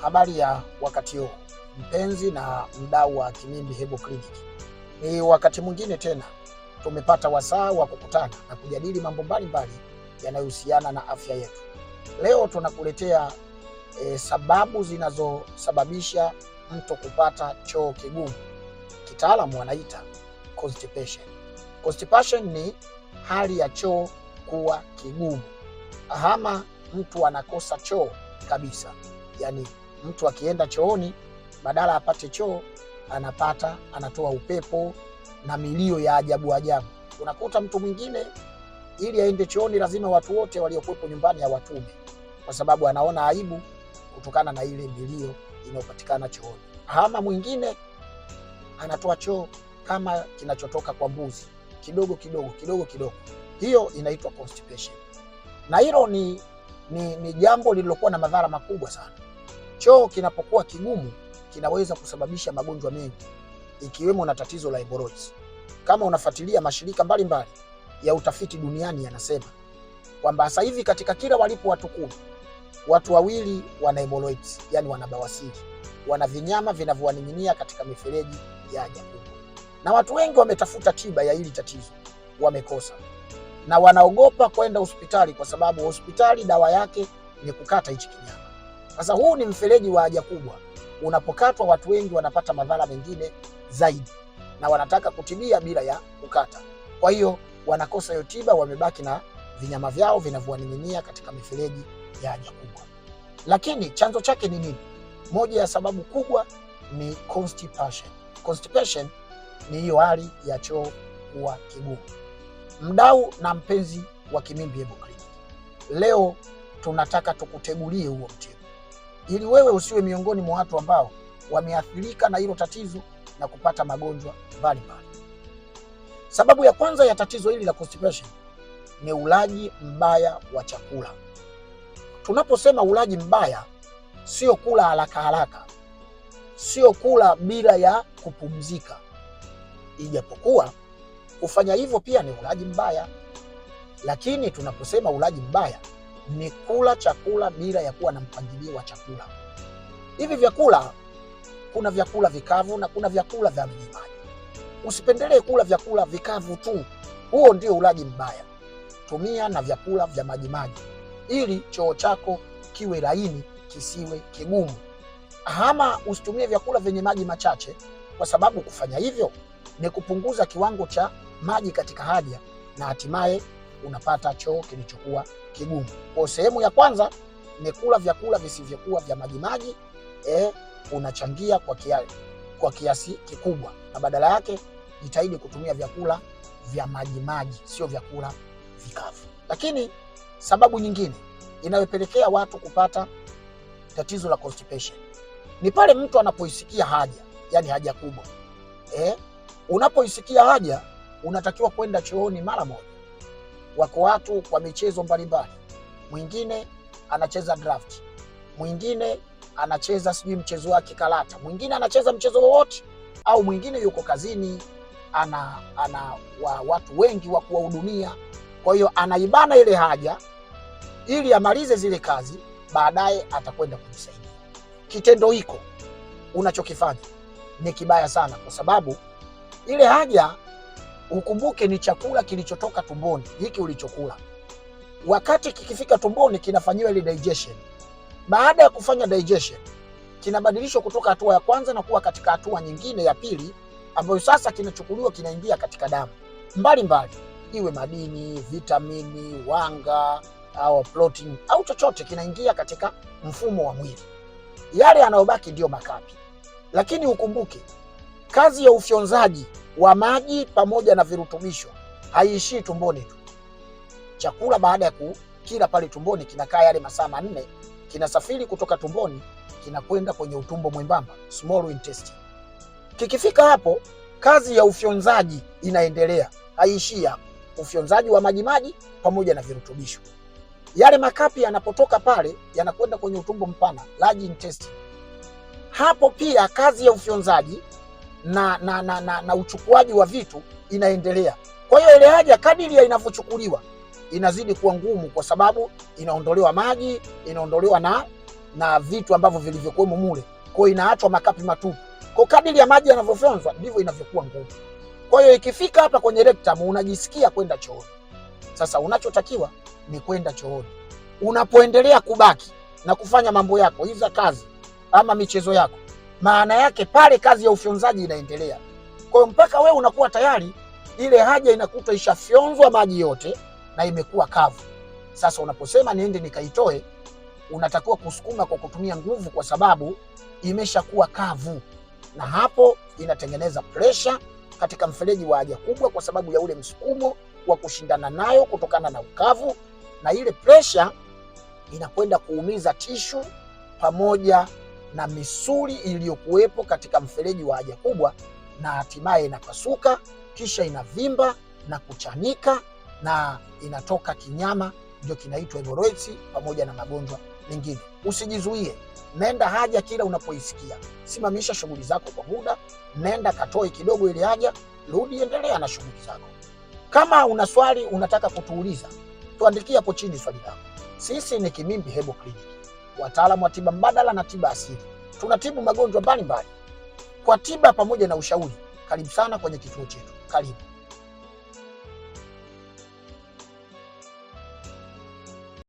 Habari ya wakati huu mpenzi na mdau wa Kimimbi Herbal Clinic, ni wakati mwingine tena tumepata wasaa wa kukutana na kujadili mambo mbalimbali yanayohusiana na afya yetu. Leo tunakuletea e, sababu zinazosababisha mtu kupata choo kigumu, kitaalamu wanaita constipation. Constipation ni hali ya choo kuwa kigumu, ahama mtu anakosa choo kabisa, yani mtu akienda chooni badala apate choo anapata anatoa upepo na milio ya ajabu ajabu. Unakuta mtu mwingine ili aende chooni lazima watu wote waliokuwepo nyumbani watume kwa sababu anaona aibu kutokana na ile milio inayopatikana chooni. Hama mwingine anatoa choo kama kinachotoka kwa mbuzi, kidogo kidogo kidogo kidogo. Hiyo inaitwa constipation, na hilo ni, ni, ni jambo lililokuwa na madhara makubwa sana. Choo kinapokuwa kigumu kinaweza kusababisha magonjwa mengi ikiwemo na tatizo la hemorrhoids. Kama unafuatilia mashirika mbalimbali mbali ya utafiti duniani yanasema kwamba sasa hivi katika kila walipo watu kumi, watu wawili wana hemorrhoids, yani wana bawasiri, wana vinyama vinavyowaning'inia katika mifereji ya haja kubwa, na watu wengi wametafuta tiba ya hili tatizo, wamekosa na wanaogopa kwenda hospitali kwa sababu hospitali dawa yake ni kukata hichi kinyama. Sasa huu ni mfereji wa haja kubwa, unapokatwa watu wengi wanapata madhara mengine zaidi, na wanataka kutibia bila ya kukata. Kwa hiyo wanakosa hiyo tiba, wamebaki na vinyama vyao vinavyowaning'inia katika mifereji ya haja kubwa. Lakini chanzo chake ni nini? Moja ya sababu kubwa ni constipation. Constipation ni hiyo hali ya choo kuwa kigumu. Mdau na mpenzi wa Kimimbi Herbal Clinic, leo tunataka tukutegulie huo mtego ili wewe usiwe miongoni mwa watu ambao wameathirika na hilo tatizo na kupata magonjwa mbalimbali. Sababu ya kwanza ya tatizo hili la constipation ni ulaji mbaya wa chakula. Tunaposema ulaji mbaya, sio kula haraka haraka, sio kula bila ya kupumzika, ijapokuwa kufanya hivyo pia ni ulaji mbaya, lakini tunaposema ulaji mbaya ni kula chakula bila ya kuwa na mpangilio wa chakula. Hivi vyakula, kuna vyakula vikavu na kuna vyakula vya maji Usipendelee kula vyakula vikavu tu, huo ndio ulaji mbaya. Tumia na vyakula vya majimaji ili choo chako kiwe laini, kisiwe kigumu. Hama usitumie vyakula vyenye maji machache, kwa sababu kufanya hivyo ni kupunguza kiwango cha maji katika haja na hatimaye unapata choo kilichokuwa kigumu. Kwa sehemu ya kwanza ni kula vyakula visivyokuwa vya majimaji eh, unachangia kwa, kiasi, kwa kiasi kikubwa, na badala yake jitahidi kutumia vyakula vya majimaji, sio vyakula vikavu. Lakini sababu nyingine inayopelekea watu kupata tatizo la constipation ni pale mtu anapoisikia haja, yani haja kubwa eh, unapoisikia haja unatakiwa kwenda chooni mara moja. Wako watu kwa michezo mbalimbali, mwingine anacheza draft, mwingine anacheza sijui mchezo wake karata, mwingine anacheza mchezo wowote, au mwingine yuko kazini, ana ana wa watu wengi wa kuwahudumia. Kwa hiyo anaibana ile haja ili amalize zile kazi, baadaye atakwenda kumsaidia. Kitendo hiko unachokifanya ni kibaya sana, kwa sababu ile haja ukumbuke ni chakula kilichotoka tumboni hiki ulichokula. Wakati kikifika tumboni kinafanyiwa ile digestion. Baada ya kufanya digestion, kinabadilishwa kutoka hatua ya kwanza na kuwa katika hatua nyingine ya pili, ambayo sasa kinachukuliwa kinaingia katika damu mbalimbali, iwe madini, vitamini, wanga au protein au chochote, kinaingia katika mfumo wa mwili. Yale yanayobaki ndiyo makapi, lakini ukumbuke kazi ya ufyonzaji wa maji pamoja na virutubisho. Haiishii tumboni tu. Chakula baada ya kukila pale tumboni kinakaa yale masaa manne, kinasafiri kutoka tumboni kinakwenda kwenye utumbo mwembamba, small intestine. Kikifika hapo, kazi ya ufyonzaji inaendelea, haiishii hapo. Ufyonzaji wa majimaji pamoja na virutubisho. Yale makapi yanapotoka pale yanakwenda kwenye utumbo mpana, large intestine. Hapo pia kazi ya ufyonzaji na, na, na, na, na uchukuaji wa vitu inaendelea. Kwa hiyo ile haja kadiri inavyochukuliwa inazidi kuwa ngumu, kwa sababu inaondolewa maji, inaondolewa na na vitu ambavyo vilivyokuwemo mule, kwa hiyo inaachwa makapi matupu. Kwa kadiri ya maji yanavyofyonzwa ndivyo inavyokuwa ngumu. Kwa hiyo ikifika hapa kwenye rectum unajisikia kwenda chooni. Sasa unachotakiwa ni kwenda chooni. Unapoendelea kubaki na kufanya mambo yako hizo kazi ama michezo yako maana yake pale kazi ya ufyonzaji inaendelea. Kwa hiyo mpaka wewe unakuwa tayari, ile haja inakuta ishafyonzwa maji yote na imekuwa kavu. Sasa unaposema niende nikaitoe, unatakiwa kusukuma kwa kutumia nguvu, kwa sababu imeshakuwa kavu, na hapo inatengeneza presha katika mfereji wa haja kubwa, kwa sababu ya ule msukumo wa kushindana nayo kutokana na ukavu, na ile presha inakwenda kuumiza tishu pamoja na misuli iliyokuwepo katika mfereji wa haja kubwa, na hatimaye inapasuka, kisha inavimba na kuchanika na inatoka kinyama, ndio kinaitwa hemorrhoids, pamoja na magonjwa mengine. Usijizuie, nenda haja kila unapoisikia. Simamisha shughuli zako kwa muda, nenda katoe kidogo ile haja, rudi, endelea na shughuli zako. Kama una swali unataka kutuuliza, tuandikie hapo chini swali lako. Sisi ni Kimimbi Hebo Clinic wataalamu wa tiba mbadala na tiba asili. Tunatibu magonjwa mbalimbali kwa tiba pamoja na ushauri. Karibu sana kwenye kituo chetu, karibu.